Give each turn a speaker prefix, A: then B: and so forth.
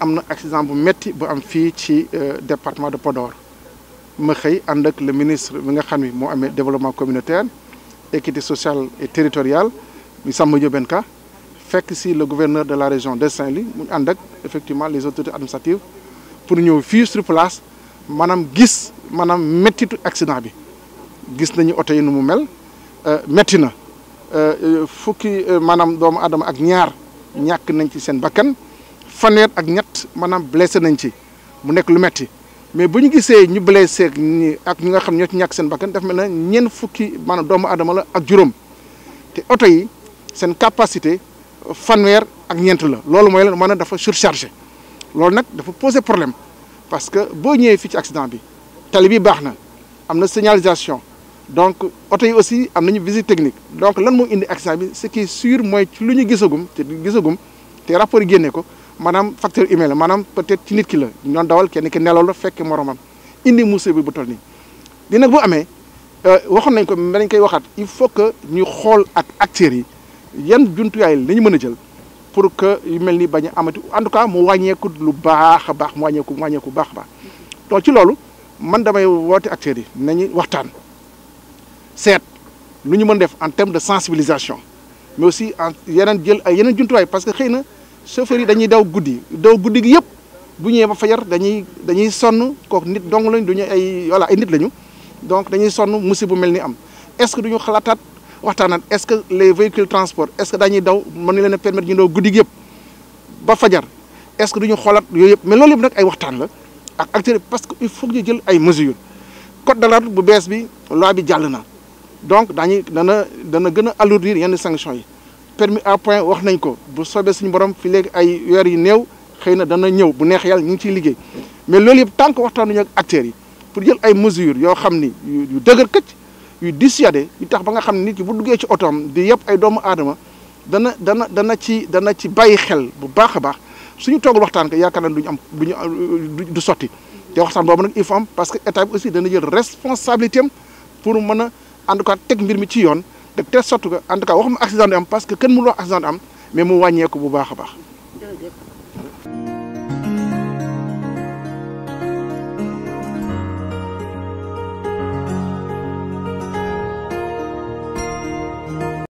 A: am na accident bu metti bu am fii ci euh, département de Podor ma xëy ànd ak le ministre bi nga xam ni moo amee développement communautaire équité sociale et territoriale mi Samba Ndiobène Ka fekk si le gouverneur de la région de Saint-Louis mu ànd ak effectivement les autorités administratives pour ñëw fii sur place maanaam gis maanaam méttitu accident bi gis nañu oto yi nu mu mel euh, metti na euh, fukki maanaam doomu aadama ak ñaar ñàkk nañ ci seen bakkan fanweer ak ñett manam blessé nañ ci mu nek lu metti mais buñu gissé ñu blessé ak ñi nga xam ñoo ci ñak seen bakkan daf mel na fukki manam doomu adama la ak juroom té auto yi seen capacité fanwer ak ñent la loolu moy la maanaam dafa surchargé loolu nak dafa poser problème parce que bo ñëwee fi ci accident bi tali bi baxna amna signalisation donc auto yi aussi am nañu visite technique donc lan moo indi accident bi ce qui est sûr moy ci luñu ñu gisagum te gisagum te rapport yi ko manam facteur humain manam peut-être ci nit ki la ñoon dawal kenn ki nelaw la fekk moromam indi musse bi bu tol ni di nak bu amé euh waxon nañ ko dañ koy waxat il faut que ñu xol ak acteur yi yeen juntu yaay lañu mëna jël pour que yu melni baña amati en tout cas mu wañéku lu baax baax mu wañéku wañéku baax baax to ci lolu man damay woti acteur yi nañu waxtaan set lu ñu mën def en terme de sensibilisation mais aussi en yenen jël ay yenen juntu parce que xeyna chauffeur yi dañuy daw goudi daw goudi gi yëpp bu ñëwee ba fayar dañuy dañuy sonu ko nit dong lañ duñu ay wala ay nit lañu donc dañuy sonu musibu melni am est ce que duñu xalatat waxtaanaat est ce que les véhicules transport est ce que dañuy daw man leena permettre ñu daw goudi gi yëpp ba fajar est ce que duñu xolat yooyu yëpp mais loolu nak ay waxtan la ak acteur parce que il faut ñu jël ay mesures code d'alerte bu bees bi loi bi jall na donc dañuy dana dana gëna alourdir yenn sanctions yi permis à point wax nañ ko bu soobee suñu borom fi léegi ay weer yu néew xëy na dana ñëw bu neex yàlla ñu ngi ciy liggéey mais loolu yëpp tant que waxtaanuñu ak acteurs yi pour jël ay mesures yoo xam ni yu dëgër këcc yu dissuadé yu tax ba nga xam ne nit ki bu duggee ci otoom di yëpp ay doomu aadama dana dana dana ci dana ci bàyyi xel bu baax a baax suñu toogul waxtaan ko yaakaar naa duñu am duñu du sotti te waxtaan boobu nag il faut am parce que état bi aussi dana jël responsabilité am pour mën a en tout teg mbir mi ci yoon de telle sorte que en tout cas waxuma accident am parce que kenn mënul wax accident du am mais mu wàññeeku bu baax a baax.